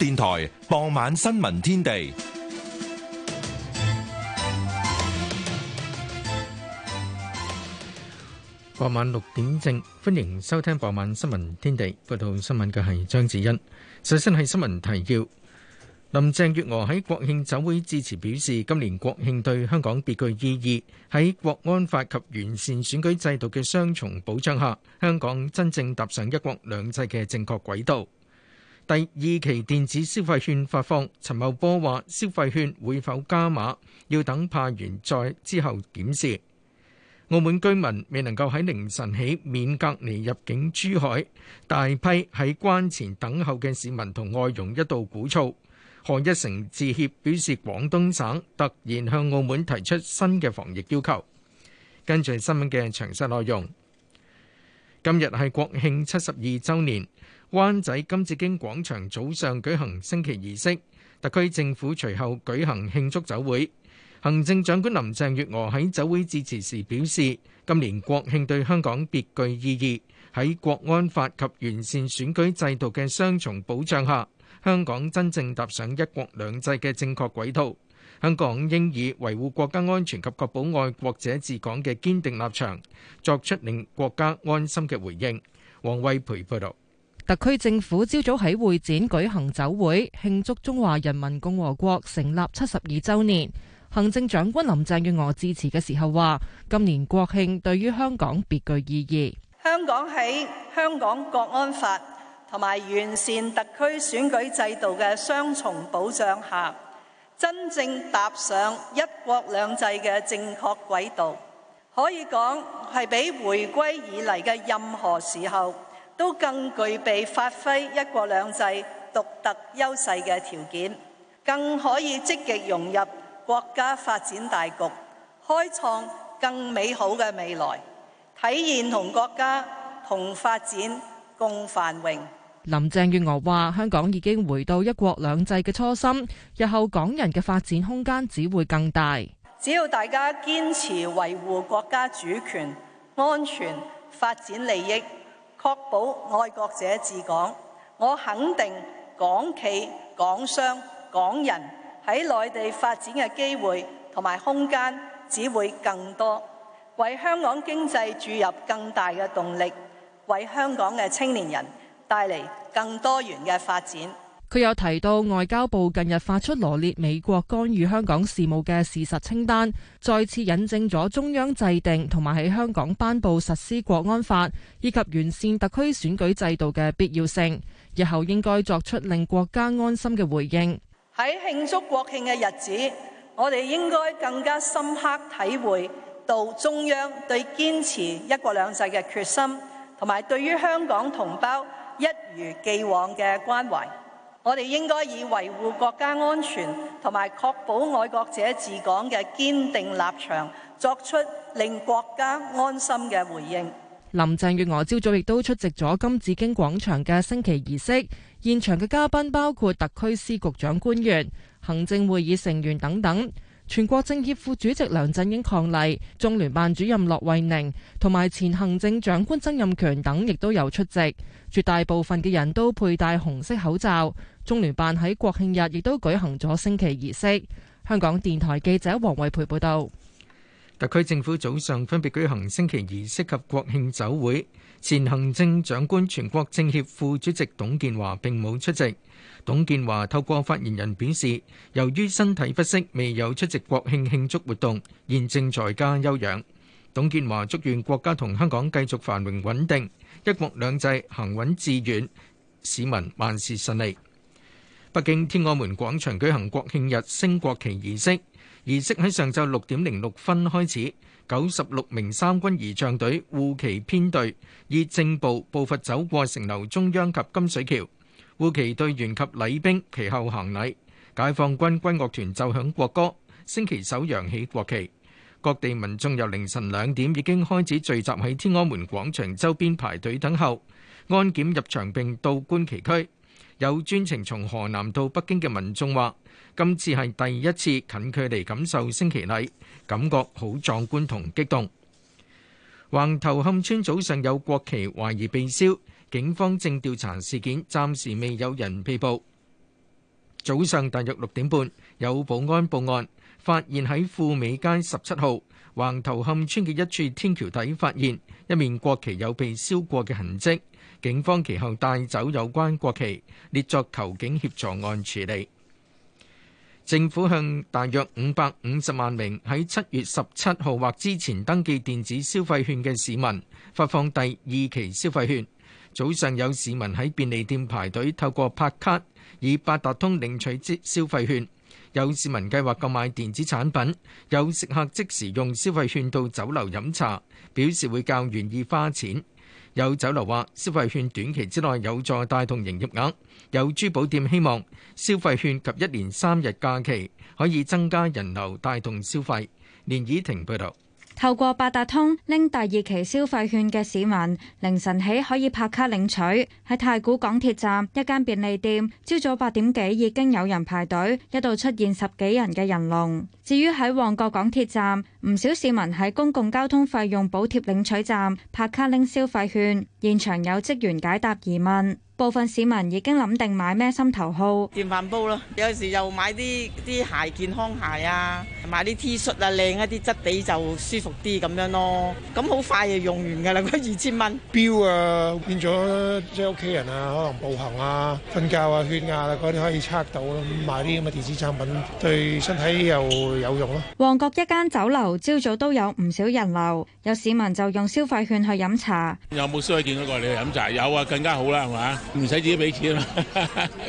電台傍晚新聞天地，傍晚六點正，歡迎收聽傍晚新聞天地。報道新聞嘅係張子欣。首先係新聞提要：林鄭月娥喺國慶酒會致辭表示，今年國慶對香港別具意義。喺國安法及完善選舉制度嘅雙重保障下，香港真正踏上一國兩制嘅正確軌道。第二期電子消費券發放，陳茂波話：消費券會否加碼，要等派完再之後檢視。澳門居民未能夠喺凌晨起免隔離入境珠海，大批喺關前等候嘅市民同外佣一度鼓噪。賀一誠致歉表示，廣東省突然向澳門提出新嘅防疫要求。跟住係新聞嘅詳細內容，今日係國慶七十二週年。灣仔金紫荊廣場早上舉行升旗儀式，特區政府隨後舉行慶祝酒會。行政長官林鄭月娥喺酒會致辭時表示，今年國慶對香港別具意義。喺國安法及完善選舉制度嘅雙重保障下，香港真正踏上一國兩制嘅正確軌道。香港應以維護國家安全及確保愛國者治港嘅堅定立場，作出令國家安心嘅回應。王惠培報導。特區政府朝早喺會展舉行酒會，慶祝中華人民共和國成立七十二周年。行政長官林鄭月娥致辭嘅時候話，今年國慶對於香港別具意義。香港喺香港國安法同埋完善特區選舉制度嘅雙重保障下，真正踏上一國兩制嘅正確軌道，可以講係比回歸以嚟嘅任何時候。都更具備發揮一國兩制獨特優勢嘅條件，更可以積極融入國家發展大局，開創更美好嘅未來，體現同國家同發展共繁榮。林鄭月娥話：香港已經回到一國兩制嘅初心，日後港人嘅發展空間只會更大。只要大家堅持維護國家主權、安全、發展利益，確保愛國者治港，我肯定港企、港商、港人喺內地發展嘅機會同埋空間，只會更多，為香港經濟注入更大嘅動力，為香港嘅青年人帶嚟更多元嘅發展。佢又提到，外交部近日發出羅列美國干預香港事務嘅事實清單，再次引證咗中央制定同埋喺香港頒布實施國安法以及完善特區選舉制度嘅必要性。日後應該作出令國家安心嘅回應。喺慶祝國慶嘅日子，我哋應該更加深刻體會到中央對堅持一國兩制嘅決心，同埋對於香港同胞一如既往嘅關懷。我哋應該以維護國家安全同埋確保愛國者治港嘅堅定立場，作出令國家安心嘅回應。林鄭月娥朝早亦都出席咗金紫荊廣場嘅升旗儀式，現場嘅嘉賓包括特區司局長官員、行政會議成員等等。全國政協副主席梁振英抗禮，中聯辦主任駱惠寧同埋前行政長官曾蔭權等亦都有出席，絕大部分嘅人都佩戴紅色口罩。中聯辦喺國慶日亦都舉行咗升旗儀式。香港電台記者黃惠培報道。特區政府早上分別舉行升旗儀式及國慶酒會，前行政長官、全國政協副主席董建華並冇出席。董建華透過發言人表示，由於身體不適，未有出席國慶慶祝活動，現正在家休養。董建華祝願國家同香港繼續繁榮穩定，一國兩制行穩致遠，市民萬事順利。北京天安門廣場舉行國慶日升國旗儀式。儀式喺上晝六點零六分開始，九十六名三軍儀仗隊護旗編隊，以正步步伐走過城樓中央及金水橋，護旗隊員及禮兵其後行禮，解放軍軍樂團奏響國歌，升旗手揚起國旗。各地民眾由凌晨兩點已經開始聚集喺天安門廣場周邊排隊等候，安檢入場並到觀旗區。有專程從河南到北京嘅民眾話：今次係第一次近距離感受升旗禮，感覺好壯觀同激動。橫頭磡村早上有國旗懷疑被燒，警方正調查事件，暫時未有人被捕。早上大約六點半，有保安報案，發現喺富美街十七號橫頭磡村嘅一處天橋底，發現一面國旗有被燒過嘅痕跡。警方其後帶走有關國旗，列作求警協助案處理。政府向大約五百五十萬名喺七月十七號或之前登記電子消費券嘅市民發放第二期消費券。早上有市民喺便利店排隊，透過拍卡以八達通領取消費券。有市民計劃購買電子產品，有食客即時用消費券到酒樓飲茶，表示會較願意花錢。有酒樓話消費券短期之內有助帶動營業額，有珠寶店希望消費券及一連三日假期可以增加人流，帶動消費。連以婷報導。透過八達通拎第二期消費券嘅市民，凌晨起可以拍卡領取。喺太古港鐵站一間便利店，朝早八點幾已經有人排隊，一度出現十幾人嘅人龍。至於喺旺角港鐵站，唔少市民喺公共交通費用補貼領取站拍卡拎消費券，現場有職員解答疑問。部分市民已經諗定買咩心頭好，電飯煲咯。有時又買啲啲鞋，健康鞋啊，買啲 T 恤啊，靚一啲質地就舒服啲咁樣咯。咁好快就用完㗎啦，嗰二千蚊。表啊，變咗即係屋企人啊，可能步行啊、瞓覺啊、血壓啊嗰啲可以測到咯，啊。買啲咁嘅電子產品對身體又有用咯，啊。旺角一間酒樓朝早都有唔少人流，有市民就用消費券去飲茶。有冇消費券嗰你去飲茶？有啊，更加好啦，係嘛？唔使自己俾錢啊，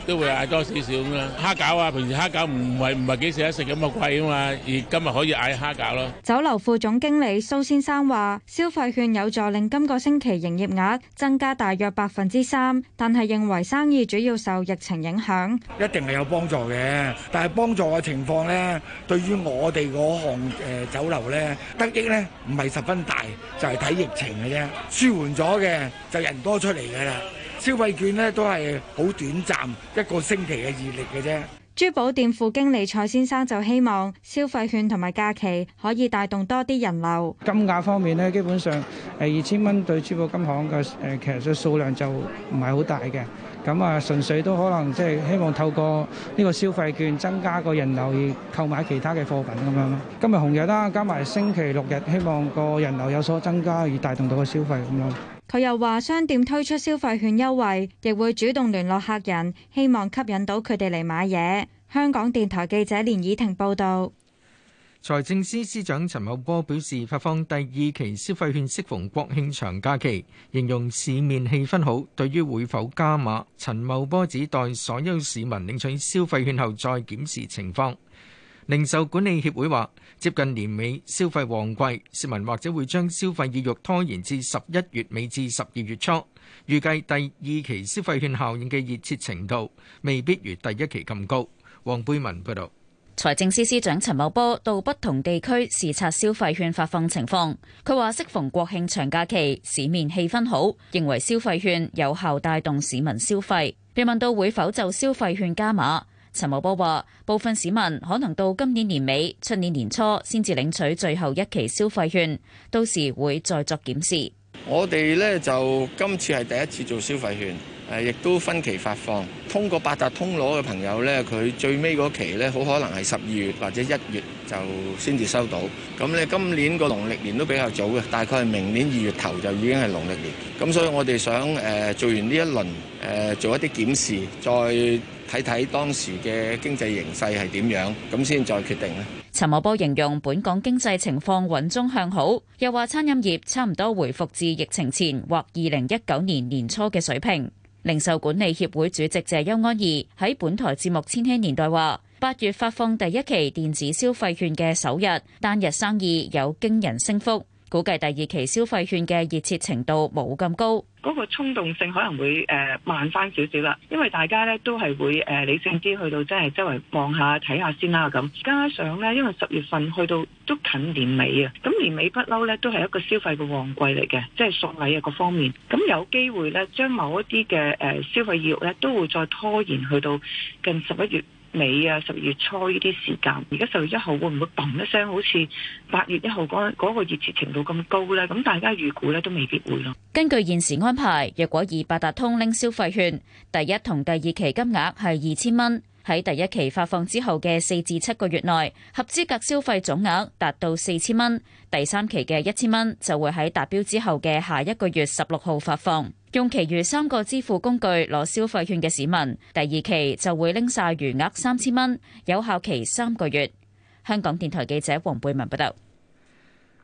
都會嗌多少少咁啦。蝦餃啊，平時蝦餃唔係唔係幾捨得食咁啊貴啊嘛，而今日可以嗌蝦餃咯。酒樓副總經理蘇先生話：消費券有助令今個星期營業額增加大約百分之三，但係認為生意主要受疫情影響。一定係有幫助嘅，但係幫助嘅情況咧，對於我哋嗰行誒酒樓咧得益咧，唔係十分大，就係睇疫情嘅啫。舒緩咗嘅就人多出嚟㗎啦。消費券咧都係好短暫一個星期嘅熱力嘅啫。珠寶店副經理蔡先生就希望消費券同埋假期可以帶動多啲人流。金價方面呢，基本上誒二千蚊對珠寶金行嘅誒，其實嘅數量就唔係好大嘅。咁啊，純粹都可能即係希望透過呢個消費券增加個人流而購買其他嘅貨品咁樣咯。今日紅日啦，加埋星期六日，希望個人流有所增加而帶動到個消費咁樣。佢又話：商店推出消費券優惠，亦會主動聯絡客人，希望吸引到佢哋嚟買嘢。香港電台記者連以婷報道。財政司司長陳茂波表示，發放第二期消費券適逢國慶長假期，形容市面氣氛好。對於會否加碼，陳茂波指待所有市民領取消費券後再檢視情況。零售管理協會話，接近年尾消費旺季，市民或者會將消費意欲拖延至十一月尾至十二月初，預計第二期消費券效應嘅熱切程度未必如第一期咁高。黃貝文報道。財政司司長陳茂波到不同地區視察消費券發放情況，佢話適逢國慶長假期，市面氣氛好，認為消費券有效帶動市民消費，被問到會否就消費券加碼。陳茂波話：部分市民可能到今年年尾、出年年初先至領取最後一期消費券，到時會再作檢視。我哋咧就今次係第一次做消費券。誒，亦都分期發放。通過八達通攞嘅朋友呢，佢最尾嗰期呢，好可能係十二月或者一月就先至收到。咁咧，今年個農曆年都比較早嘅，大概係明年二月頭就已經係農曆年。咁所以我哋想誒、呃、做完呢一輪誒、呃、做一啲檢視，再睇睇當時嘅經濟形勢係點樣，咁先再決定咧。陳茂波形容本港經濟情況穩中向好，又話餐飲業差唔多回復至疫情前或二零一九年年初嘅水平。零售管理協會主席謝邱安怡喺本台節目《千禧年代》話八月發放第一期電子消費券嘅首日，單日生意有驚人升幅。估計第二期消費券嘅熱切程度冇咁高，嗰個衝動性可能會誒慢翻少少啦，因為大家咧都係會誒理性啲去到，即係周圍望下睇下先啦咁。加上咧，因為十月份去到都近年尾啊，咁年尾不嬲咧都係一個消費嘅旺季嚟嘅，即係送禮啊各方面，咁有機會咧將某一啲嘅誒消費意欲咧都會再拖延去到近十一月。尾啊！十月初呢啲時間，而家十月一號會唔會嘣一聲，好似八月一號嗰嗰個熱潮程度咁高呢？咁大家預估咧都未必會咯。根據現時安排，若果以八達通拎消費券，第一同第二期金額係二千蚊。喺第一期發放之後嘅四至七個月內，合資格消費總額達到四千蚊，第三期嘅一千蚊就會喺達標之後嘅下一個月十六號發放。用其餘三個支付工具攞消費券嘅市民，第二期就會拎晒餘額三千蚊，有效期三個月。香港電台記者黃貝文報道。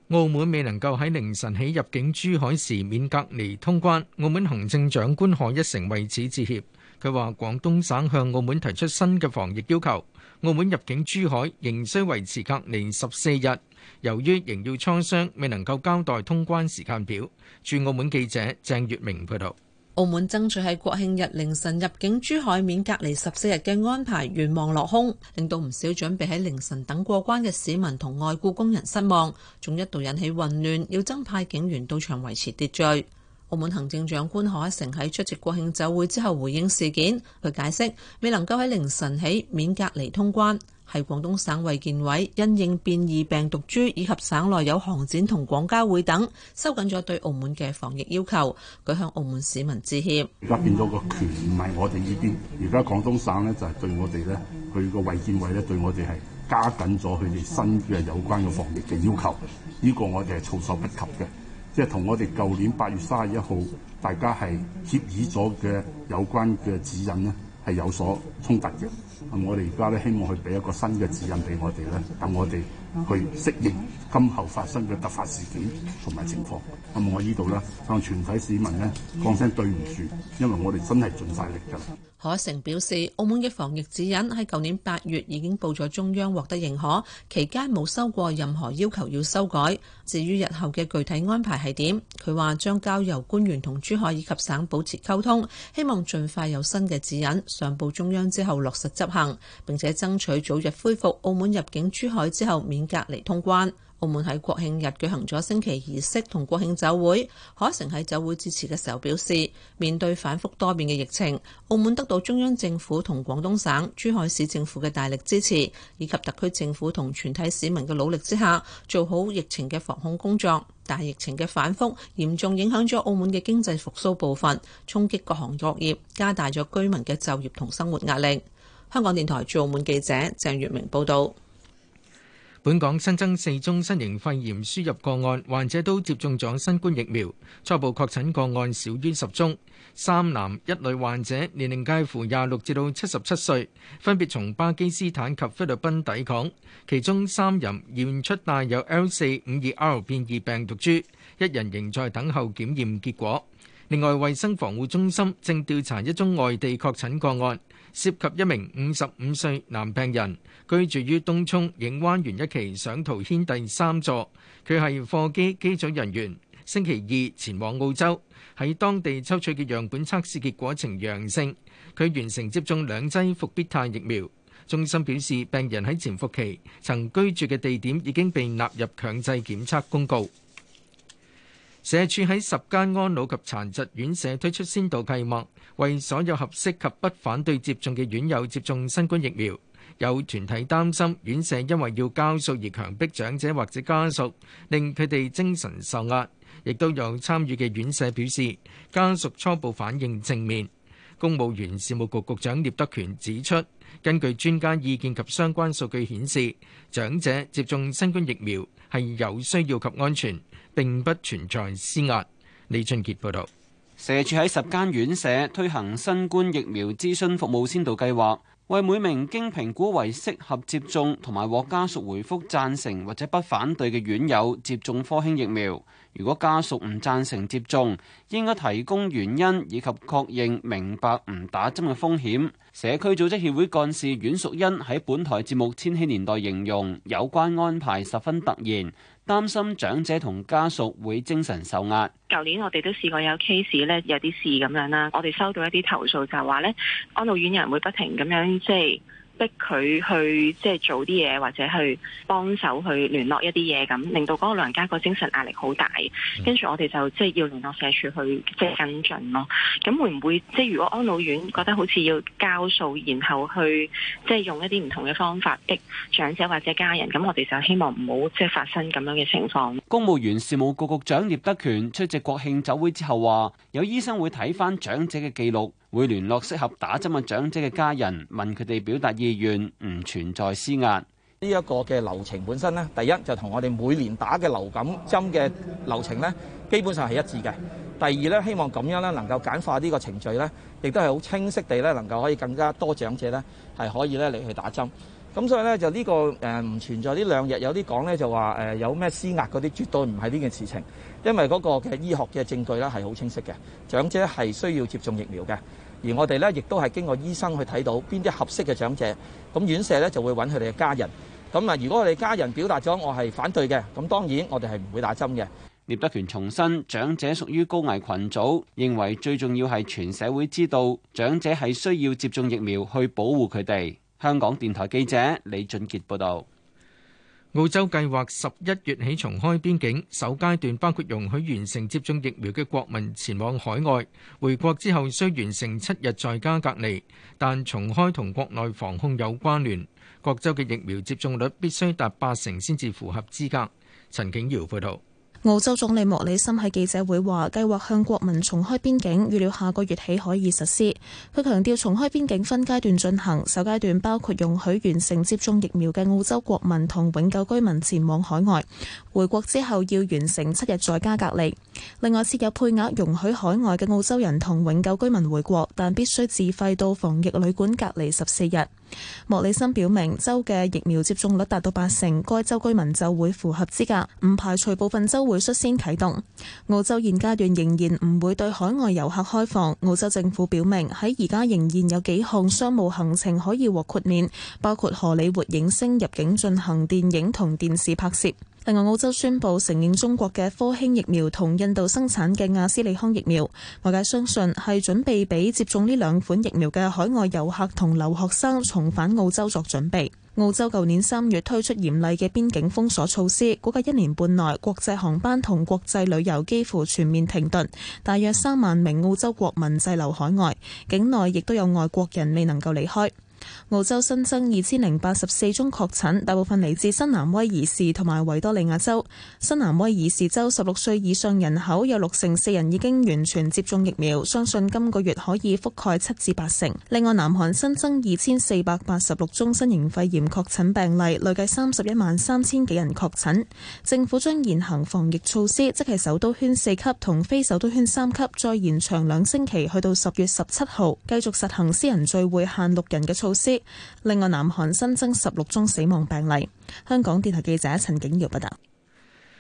澳門未能夠喺凌晨起入境珠海時免隔離通關，澳門行政長官賀一誠為此致歉。佢話：廣東省向澳門提出新嘅防疫要求，澳門入境珠海仍需維持隔離十四日。由於仍要磋商，未能夠交代通關時間表。駐澳門記者鄭月明報道。澳門爭取喺國慶日凌晨入境珠海免隔離十四日嘅安排，願望落空，令到唔少準備喺凌晨等過關嘅市民同外雇工人失望，仲一度引起混亂，要增派警員到場維持秩序。澳門行政長官賀一誠喺出席國慶酒會之後回應事件，佢解釋未能夠喺凌晨起免隔離通關，係廣東省衛健委因應變異病毒株以及省內有航展同廣交會等，收緊咗對澳門嘅防疫要求，佢向澳門市民致歉。而家變咗個權唔係我哋呢邊，而家廣東省呢就係對我哋呢。佢個衛健委呢對我哋係加緊咗佢哋新嘅有關嘅防疫嘅要求，呢個我哋係措手不及嘅。即係同我哋舊年八月三十一號，大家係協議咗嘅有關嘅指引咧，係有所衝突嘅。我哋而家咧希望佢俾一個新嘅指引俾我哋咧，等我哋去適應今後發生嘅突發事件同埋情況，咁我呢度咧向全體市民咧講聲對唔住，因為我哋真係盡晒力㗎啦。何成表示，澳門嘅防疫指引喺舊年八月已經報咗中央獲得認可，期間冇收過任何要求要修改。至於日後嘅具體安排係點，佢話將交由官員同珠海以及省保持溝通，希望盡快有新嘅指引上報中央之後落實執行。並且爭取早日恢復澳門入境珠海之後免隔離通關。澳門喺國慶日舉行咗升旗儀式同國慶酒會。賀一誠喺酒會致辭嘅時候表示，面對反覆多變嘅疫情，澳門得到中央政府同廣東省、珠海市政府嘅大力支持，以及特區政府同全體市民嘅努力之下，做好疫情嘅防控工作。但疫情嘅反覆嚴重影響咗澳門嘅經濟復蘇部分，衝擊各行各業，加大咗居民嘅就業同生活壓力。香港電台駐澳門記者鄭月明報道：本港新增四宗新型肺炎輸入個案，患者都接種咗新冠疫苗，初步確診個案少於十宗，三男一女患者年齡介乎廿六至到七十七歲，分別從巴基斯坦及菲律賓抵港，其中三人驗出帶有 L 四五二 R 變異病毒株，一人仍在等候檢驗結果。另外，衛生防護中心正調查一宗外地確診個案。涉及一名五十五歲男病人，居住於東涌影灣園一期上圖軒第三座。佢係貨機機組人員，星期二前往澳洲，喺當地抽取嘅樣本測試結果呈陽性。佢完成接種兩劑復必泰疫苗。中心表示，病人喺潛伏期曾居住嘅地點已經被納入強制檢測公告。社署喺十間安老及殘疾院舍推出先導計劃，為所有合適及不反對接種嘅院友接種新冠疫苗。有團體擔心院舍因為要交數而強迫長者或者家屬，令佢哋精神受壓。亦都有參與嘅院舍表示，家屬初步反應正面。公務員事務局局長聶德權指出，根據專家意見及相關數據顯示，長者接種新冠疫苗係有需要及安全，並不存在施壓。李俊杰報導。社署喺十間院舍推行新冠疫苗諮詢服務先導計劃，為每名經評估為適合接種同埋獲家屬回覆贊成或者不反對嘅院友接種科興疫苗。如果家屬唔贊成接種，應該提供原因以及確認明白唔打針嘅風險。社區組織協會幹事阮淑欣喺本台節目《千禧年代》形容有關安排十分突然。擔心長者同家屬會精神受壓。舊年我哋都試過有 case 咧，有啲事咁樣啦。我哋收到一啲投訴就係話咧，安老院有人會不停咁樣即係。逼佢去即係做啲嘢，或者去幫手去聯絡一啲嘢，咁令到嗰個老人家個精神壓力好大。跟住我哋就即係要聯絡社署去即係跟進咯。咁會唔會即係如果安老院覺得好似要交數，然後去即係用一啲唔同嘅方法逼長者或者家人？咁我哋就希望唔好即係發生咁樣嘅情況。公務員事務局局長聶德權出席國慶酒會之後話，有醫生會睇翻長者嘅記錄，會聯絡適合打針嘅長者嘅家人，問佢哋表達意願，唔存在施壓。呢一個嘅流程本身呢，第一就同我哋每年打嘅流感針嘅流程呢，基本上係一致嘅。第二呢，希望咁樣呢，能夠簡化呢個程序呢，亦都係好清晰地呢，能夠可以更加多長者呢，係可以呢嚟去打針。咁所以咧就呢個誒唔存在呢兩日有啲講咧就話誒有咩施壓嗰啲絕對唔係呢件事情，因為嗰個嘅醫學嘅證據咧係好清晰嘅，長者係需要接種疫苗嘅，而我哋咧亦都係經過醫生去睇到邊啲合適嘅長者，咁院舍咧就會揾佢哋嘅家人，咁啊如果我哋家人表達咗我係反對嘅，咁當然我哋係唔會打針嘅。聶德權重申，長者屬於高危群組，認為最重要係全社會知道長者係需要接種疫苗去保護佢哋。香港電台記者李俊杰報道，澳洲計劃十一月起重開邊境，首階段包括容許完成接種疫苗嘅國民前往海外，回國之後需完成七日在家隔離。但重開同國內防控有關聯，各州嘅疫苗接種率必須達八成先至符合資格。陳景瑤報道。澳洲總理莫里森喺記者會話，計劃向國民重開邊境，預料下個月起可以實施。佢強調重開邊境分階段進行，首階段包括容許完成接種疫苗嘅澳洲國民同永久居民前往海外，回國之後要完成七日在家隔離。另外設有配額，容許海外嘅澳洲人同永久居民回國，但必須自費到防疫旅館隔離十四日。莫里森表明，州嘅疫苗接種率達到八成，該州居民就會符合資格，唔排除部分州會率先啟動。澳洲現階段仍然唔會對海外遊客開放。澳洲政府表明，喺而家仍然有幾項商務行程可以獲豁免，包括荷里活影星入境進行電影同電視拍攝。另外，澳洲宣佈承認中國嘅科興疫苗同印度生產嘅亞斯利康疫苗，外界相信係準備俾接種呢兩款疫苗嘅海外遊客同留學生重返澳洲作準備。澳洲舊年三月推出嚴厲嘅邊境封鎖措施，估計一年半內國際航班同國際旅遊幾乎全面停頓，大約三萬名澳洲國民滯留海外，境內亦都有外國人未能夠離開。澳洲新增二千零八十四宗確診，大部分嚟自新南威爾士同埋維多利亞州。新南威爾士州十六歲以上人口有六成四人已經完全接種疫苗，相信今個月可以覆蓋七至八成。另外，南韓新增二千四百八十六宗新型肺炎確診病例，累計三十一萬三千幾人確診。政府將現行防疫措施，即係首都圈四級同非首都圈三級，再延長兩星期，去到十月十七號，繼續實行私人聚會限六人嘅措施。另外，南韓新增十六宗死亡病例。香港電台記者陳景瑤報道，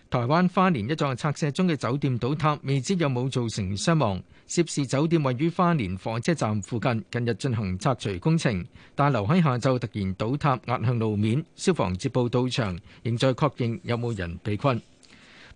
台灣花蓮一座拆卸中嘅酒店倒塌，未知有冇造成傷亡。涉事酒店位於花蓮火車站附近，近，近日進行拆除工程，大樓喺下晝突然倒塌壓向路面，消防接報到場，仍在確認有冇人被困。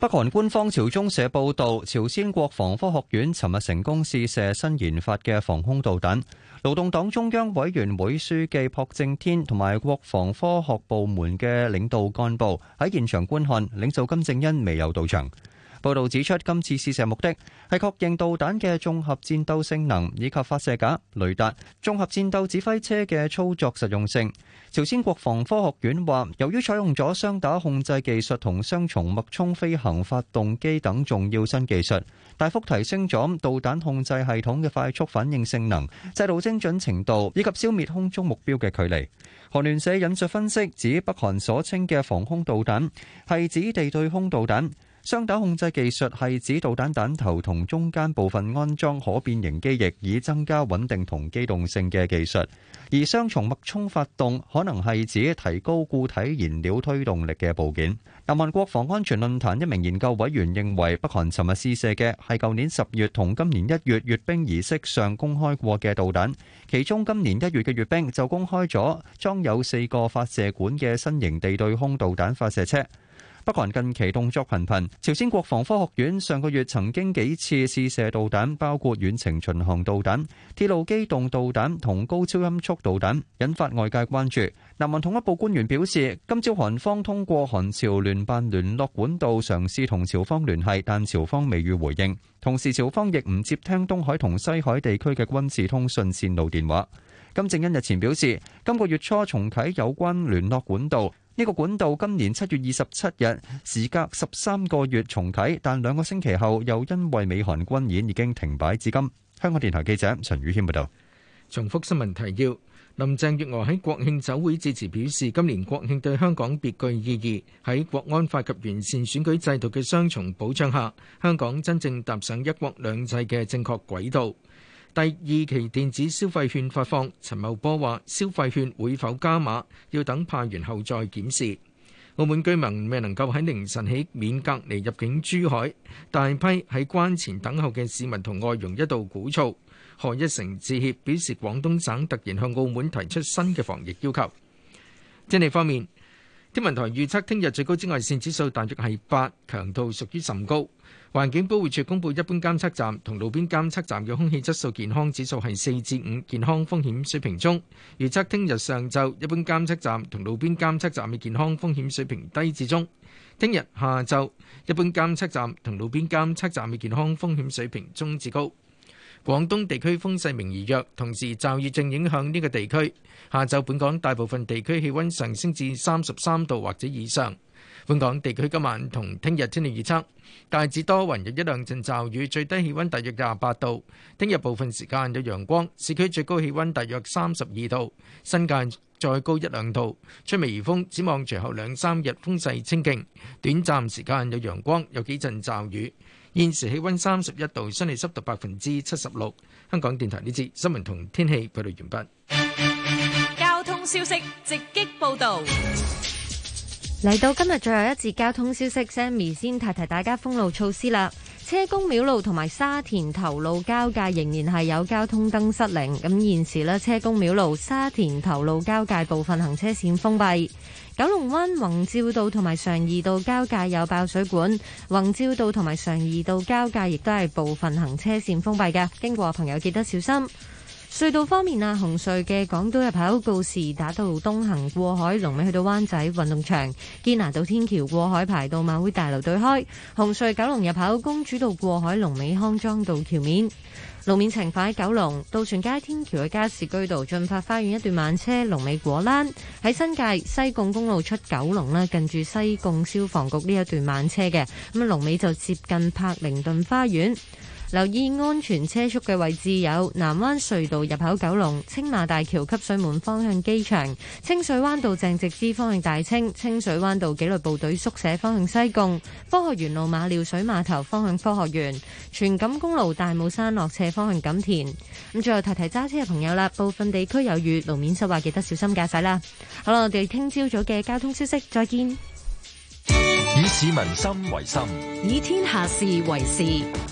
北韓官方朝中社報道，朝鮮國防科學院尋日成功試射新研發嘅防空導彈。勞動黨中央委員會書記朴正天同埋國防科學部門嘅領導幹部喺現場觀看，領袖金正恩未有到場。報道指出，今次試射目的係確認導彈嘅綜合戰鬥性能，以及發射架、雷達、綜合戰鬥指揮車嘅操作實用性。朝鮮國防科學院話，由於採用咗雙打控制技術同雙重脈衝飛行發動機等重要新技術，大幅提升咗導彈控制系統嘅快速反應性能、制導精準程度以及消滅空中目標嘅距離。韓聯社引述分析指，北韓所稱嘅防空導彈係指地對空導彈。雙導控制技術係指導彈彈頭同中間部分安裝可變形機翼，以增加穩定同機動性嘅技術。而雙重脈衝發動可能係指提高固體燃料推動力嘅部件。南韓國防安全論壇一名研究委員認為，北韓尋日試射嘅係舊年十月同今年一月閱兵儀式上公開過嘅導彈，其中今年一月嘅閱兵就公開咗裝有四個發射管嘅新型地對空導彈發射車。北韓近期動作頻頻，朝鮮國防科學院上個月曾經幾次試射導彈，包括遠程巡航導彈、鐵路機動導彈同高超音速導彈，引發外界關注。南韓統一部官員表示，今朝韓方通過韓朝聯辦聯絡管道嘗試同朝方聯繫，但朝方未予回應。同時，朝方亦唔接聽東海同西海地區嘅軍事通訊線路電話。金正恩日前表示，今個月初重啟有關聯絡管道。呢個管道今年七月二十七日時隔十三個月重啟，但兩個星期後又因為美韓軍演已經停擺至今。香港電台記者陳宇謙報道。重複新聞提要：林鄭月娥喺國慶酒會致辭表示，今年國慶對香港別具意義。喺國安法及完善選舉制度嘅雙重保障下，香港真正踏上一國兩制嘅正確軌道。第二期電子消費券發放，陳茂波話：消費券會否加碼，要等派完後再檢視。澳門居民未能夠喺凌晨起免隔離入境珠海，大批喺關前等候嘅市民同外傭一度鼓噪。何一成致歉表示，廣東省突然向澳門提出新嘅防疫要求。天氣方面。天文台預測聽日最高紫外線指數大約係八，強度屬於甚高。環境保護署公布一般監測站同路邊監測站嘅空氣質素健康指數係四至五，健康風險水平中。預測聽日上晝一般監測站同路邊監測站嘅健康風險水平低至中。聽日下晝一般監測站同路邊監測站嘅健康風險水平中至高。廣東地區風勢明而弱，同時驟雨正影響呢個地區。下晝本港大部分地區氣温上升至三十三度或者以上。本港地區今晚同聽日天氣預測，大致多雲有一兩陣驟雨，最低氣温大約廿八度。聽日部分時間有陽光，市區最高氣温大約三十二度，新界再高一兩度。吹微風，展望隨後兩三日風勢清勁，短暫時間有陽光，有幾陣驟雨。現時氣温三十一度，相對濕度百分之七十六。香港電台呢節新聞同天氣報道完畢。交通消息直擊報道，嚟到今日最後一節交通消息，Sammy 先提提大家封路措施啦。車公廟路同埋沙田頭路交界仍然係有交通燈失靈，咁現時呢，車公廟路沙田頭路交界部分行車線封閉。九龍灣宏照道同埋常怡道交界有爆水管，宏照道同埋常怡道交界亦都係部分行車線封閉㗎，經過朋友記得小心。隧道方面啊，紅隧嘅港島入口告士打道東行過海，龍尾去到灣仔運動場；堅拿道天橋過海，排到馬會大樓對開。紅隧九龍入口公主道過海，龍尾康莊道橋面。路面情況喺九龍渡船街天橋嘅加士居道進發花園一段慢車，龍尾果欄。喺新界西貢公路出九龍咧，近住西貢消防局呢一段慢車嘅，咁啊龍尾就接近柏靈頓花園。留意安全車速嘅位置有南灣隧道入口九龍、九龍青馬大橋汲水門方向機場、清水灣道鄭植之方向大清、清水灣道紀律部隊宿舍方向西貢、科學園路馬料水碼頭方向科學園、全錦公路大帽山落斜方向錦田。咁最後提提揸車嘅朋友啦，部分地區有雨，路面濕滑，記得小心駕駛啦。好啦，我哋聽朝早嘅交通消息，再見。以市民心為心，以天下事為事。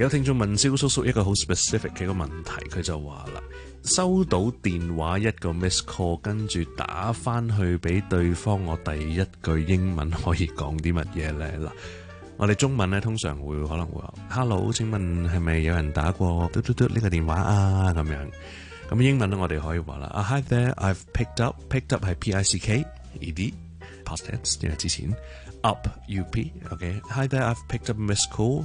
有聽眾問蕭叔叔一個好 specific 嘅一個問題，佢就話啦，收到電話一個 miss call 跟住打返去俾對方，我第一句英文可以講啲乜嘢咧？嗱，我哋中文咧，通常會可能會話 hello 請問係咪有人打過嘟嘟嘟呢個電話啊？咁樣，咁英文咧，我哋可以話啦啊，hi there i've picked up picked up 係 pic k ed past 因為之前 up up up ok hi there i've picked up miss call